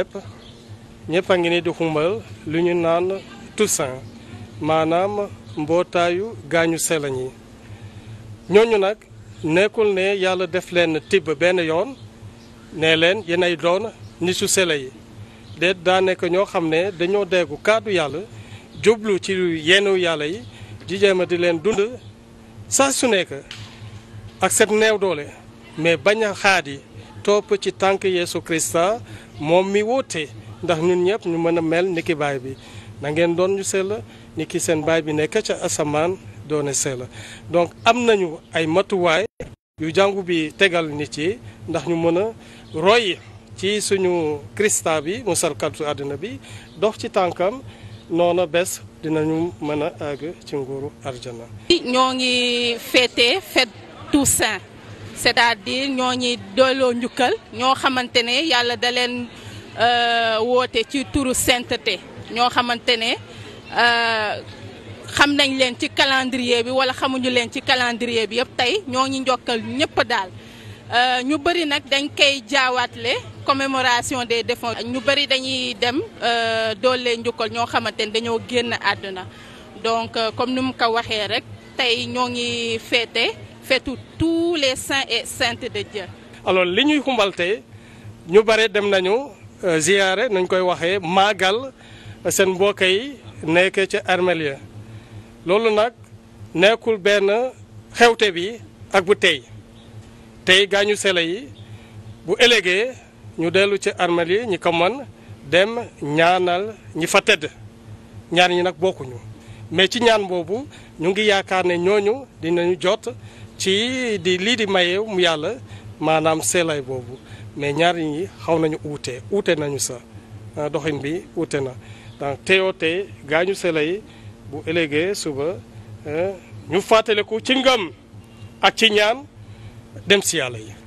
lépp ñëpp a ngi ne di xumbal lu ñu naan Toussaint maanaam mbootaayu gaañu selañ yi ñooñu nag nekkul ne yàlla def leen tibb benn yoon ne leen yéenay doon ni su sela yi déet daa nekk ñoo xam ne dañoo déggu kàddu yàlla jublu ci yenu yàlla yi di a di leen dund saa su nekk ak seen néew doole mais bañ xaat yi topp ci tànk Yeesu Krista moom mi woote ndax ñun ñëpp ñu mën a mel niki baay bi na ngeen doon ñu sell niki seen baay bi nekk ca asamaan doone sell donc am nañu ay matuwaay yu jàngu bi tegal nit yi ndax ñu mën a roy ci suñu Krista bi musalkatu àddina bi dox ci tànkam noona bés dinañu mën a àgg ci nguuru arjana ñoo ngi féete fête Toussaint c'est-à-dire ñoo ñuy doole njukkal ñoo xamante ne yàlla da leen euh, woote ci turu sainteté ñoo xamante ne euh, xam nañ leen ci calendrier bi wala xamuñu leen ci calendrier bi yëpp tey ñoo ñu njokkal ñëpp daal euh, ñu bëri nag dañ koy jaawaatle commemoration des défunts ñu bëri dañuy dem doole njukkal ñoo xamante ne dañoo génn àdduna donc comme ni mu ko waxee rek tey ñoo ngi féete fêtu tous les saints et saintes de Dieu. alors li ñuy xumbal tey ñu bare dem nañu euh, ziyaare nañ koy waxee maagal euh, seen mbokk yi nekk ca armeel ya loolu nag nekkul benn xewte bi ak bu tey tey gaañu sele yi bu ëllëgee ñu dellu ci armeel yi ñi ko mën dem ñaanal ñi fa tëdd ñaar ñi nag bokkuñu mais ci ñaan boobu ñu ngi yaakaar ne ñooñu dinañu jot ci di lii di maye mu yàlla maanaam seelay boobu mais ñaar ñi xaw nañu uute uute nañu sax ah, doxin bi uute na donc teeyoo tey gaañu seela yi bu ëllëgee suba ah, ñu fàttaliku ci ngëm ak ci ñaan dem si yàlla yi